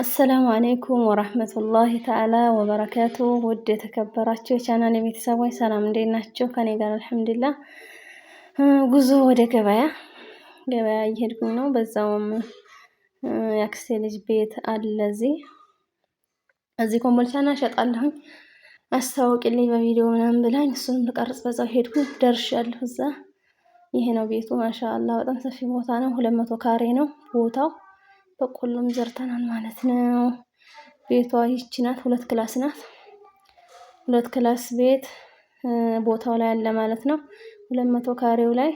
አሰላሙ አሌይኩም ወራህመቱላሂ ተዓላ ወበረካቱ። ውድ የተከበራችሁ የቻናል የቤተሰቦች ሰላም እንዴት ናቸው? ከኔ ጋር አልሐምዱላ። ጉዞ ወደ ገበያ ገበያ እየሄድኩኝ ነው። በዛውም የአክስቴ ልጅ ቤት አለ እዚህ እዚህ ኮምቦልቻና እሸጣለሁኝ አስታውቂልኝ በቪዲዮ ምናምን ብላኝ እሱን ልቀርጽ በዛው ሄድኩኝ። ደርሻለሁ እዛ። ይሄ ነው ቤቱ። ማሻአላ በጣም ሰፊ ቦታ ነው። ሁለት መቶ ካሬ ነው ቦታው በቆሎም ዘርተናል ማለት ነው። ቤቷ ይቺ ናት። ሁለት ክላስ ናት። ሁለት ክላስ ቤት ቦታው ላይ አለ ማለት ነው። ሁለት መቶ ካሬው ላይ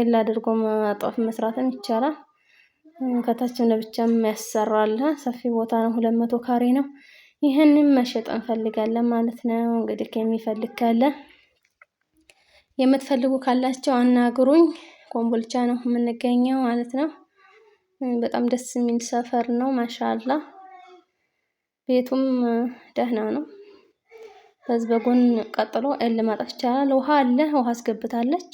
ኤል አድርጎ ማጣፍ መስራትም ይቻላል። ከታችም ለብቻ የሚያሰራል ሰፊ ቦታ ነው። ሁለት መቶ ካሬ ነው። ይህንን መሸጥ እንፈልጋለን ማለት ነው። እንግዲህ የሚፈልግ ካለ የምትፈልጉ ካላቸው አናግሩኝ። ኮምቦልቻ ነው የምንገኘው ማለት ነው። በጣም ደስ የሚል ሰፈር ነው። ማሻላ ቤቱም ደህና ነው። በዚህ በጎን ቀጥሎ ኤል ማጣት ይቻላል። ውሃ አለ፣ ውሃ አስገብታለች።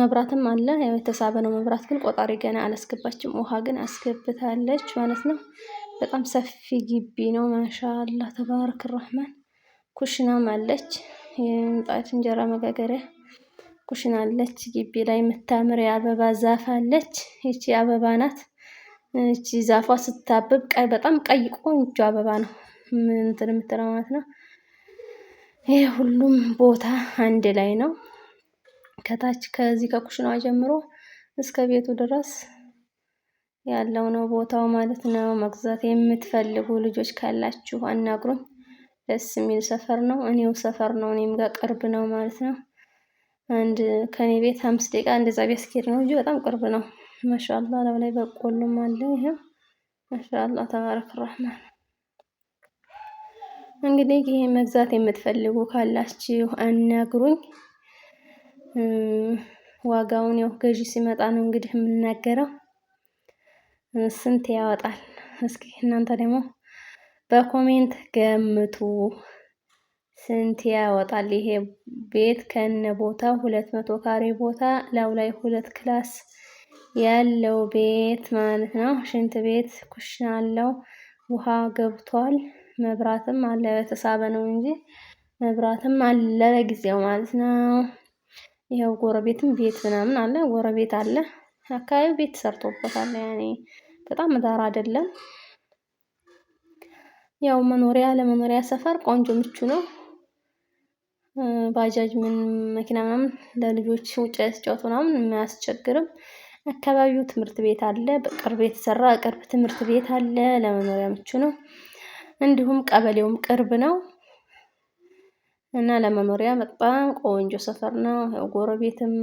መብራትም አለ። ያው የተሳበ ነው መብራት፣ ግን ቆጣሪ ገና አላስገባችም። ውሃ ግን አስገብታለች ማለት ነው። በጣም ሰፊ ግቢ ነው። ማሻላ ተባረክ ረህማን ኩሽናም አለች። የምጣድ እንጀራ መጋገሪያ ኩሽና አለች፣ ግቢ ላይ የምታምር የአበባ ዛፍ አለች። ይቺ አበባ ናት። እቺ ዛፏ ስታብብ ቀይ በጣም ቀይ ቆንጆ አበባ ነው እንትን የምትለው ማለት ነው። ይህ ሁሉም ቦታ አንድ ላይ ነው። ከታች ከዚህ ከኩሽናዋ ጀምሮ እስከ ቤቱ ድረስ ያለው ነው ቦታው ማለት ነው። መግዛት የምትፈልጉ ልጆች ካላችሁ አናግሩኝ። ደስ የሚል ሰፈር ነው። እኔው ሰፈር ነው፣ እኔም ጋር ቅርብ ነው ማለት ነው። አንድ ከኔ ቤት አምስት ደቂቃ እንደዛ ቢያስኬድ ነው እንጂ በጣም ቅርብ ነው። ማሻአላ ለው ላይ በቆሎም አለ። ይሄ ማሻአላ ተባረክ ረህማን። እንግዲህ ይሄ መግዛት የምትፈልጉ ካላችሁ አናግሩኝ። ዋጋውን ያው ገዢ ሲመጣ ነው እንግዲህ የምናገረው። ስንት ያወጣል? እስኪ እናንተ ደግሞ በኮሜንት ገምቱ። ስንት ያወጣል ይሄ ቤት ከነ ቦታ ሁለት መቶ ካሬ ቦታ ላው ላይ ሁለት ክላስ ያለው ቤት ማለት ነው። ሽንት ቤት ኩሽና አለው። ውሃ ገብቷል። መብራትም አለ። በተሳበ ነው እንጂ መብራትም አለ ለጊዜው ማለት ነው። ይኸው ጎረቤትም ቤት ምናምን አለ። ጎረቤት አለ። አካባቢው ቤት ሰርቶበታል። ያኔ በጣም ዳር አይደለም። ያው መኖሪያ ለመኖሪያ ሰፈር ቆንጆ ምቹ ነው። ባጃጅ ምን መኪና ምናምን ለልጆች ውጭ ያስጫወቱ ምናምን አያስቸግርም። አካባቢው ትምህርት ቤት አለ። በቅርብ የተሰራ ቅርብ ትምህርት ቤት አለ። ለመኖሪያ ምቹ ነው። እንዲሁም ቀበሌውም ቅርብ ነው እና ለመኖሪያ በጣም ቆንጆ ሰፈር ነው። ጎረቤትም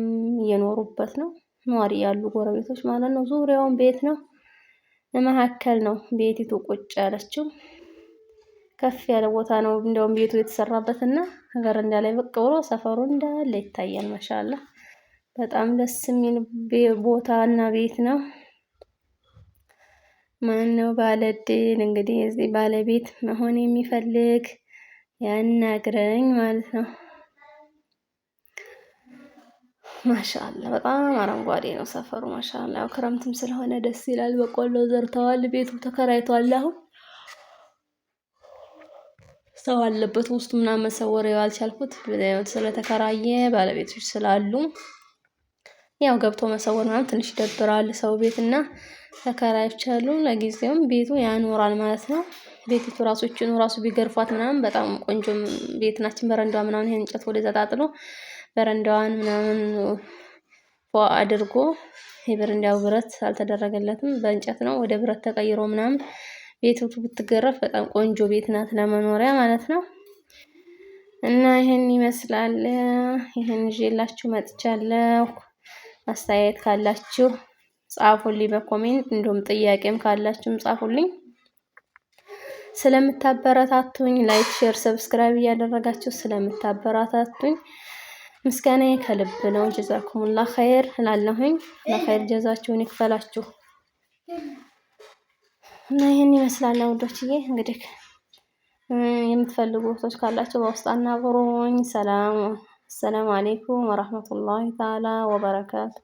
እየኖሩበት ነው። ነዋሪ ያሉ ጎረቤቶች ማለት ነው። ዙሪያውን ቤት ነው። መካከል ነው ቤቲቱ ቁጭ ያለችው። ከፍ ያለ ቦታ ነው እንደውም ቤቱ የተሰራበት እና እንዳ ላይ ብቅ ብሎ ሰፈሩ እንዳለ ይታያል። ማሻላ በጣም ደስ የሚል ቦታ እና ቤት ነው። ማን ነው ባለድል እንግዲህ እዚህ ባለቤት መሆን የሚፈልግ ያናግረኝ ማለት ነው። ማሻላ በጣም አረንጓዴ ነው ሰፈሩ። ማሻላ ያው ክረምትም ስለሆነ ደስ ይላል። በቆሎ ዘርተዋል። ቤቱ ተከራይቷል አሁን ሰው አለበት ውስጡ ምናምን መሰወር ያልቻልኩት ስለተከራየ ባለቤቶች ስላሉ ያው ገብቶ መሰወር ምናምን ትንሽ ይደብራል ሰው ቤት እና ተከራዮች አሉ። ለጊዜውም ቤቱ ያኖራል ማለት ነው። ቤቲቱ ራሱ ራሱ ቢገርፏት ምናምን በጣም ቆንጆ ቤት ናችን። በረንዳዋ ምናምን ይሄን እንጨት ወደዛ ጣጥሎ በረንዳዋን ምናምን አድርጎ የበረንዳው ብረት አልተደረገለትም፣ በእንጨት ነው ወደ ብረት ተቀይሮ ምናምን ቤቱ ብትገረፍ በጣም ቆንጆ ቤት ናት ለመኖሪያ ማለት ነው። እና ይህን ይመስላል። ይህን ይዤላችሁ መጥቻለሁ። አስተያየት ካላችሁ ጻፉልኝ በኮሜንት እንዲሁም ጥያቄም ካላችሁም ጻፉልኝ። ስለምታበረታቱኝ ላይክ፣ ሼር፣ ሰብስክራይብ እያደረጋችሁ ስለምታበረታቱኝ ምስጋና ከልብ ነው። ጀዛኩሙላ ኸይር እላለሁኝ። ለኸይር ጀዛችሁን ይክፈላችሁ። እና ይህን ይመስላል ውዶችዬ። እንግዲህ የምትፈልጉ ቦታዎች ካላቸው በውስጥ አናግሩኝ። ሰላም አሰላሙ አሌይኩም ወረህመቱላሂ ተዓላ ወበረካቱ።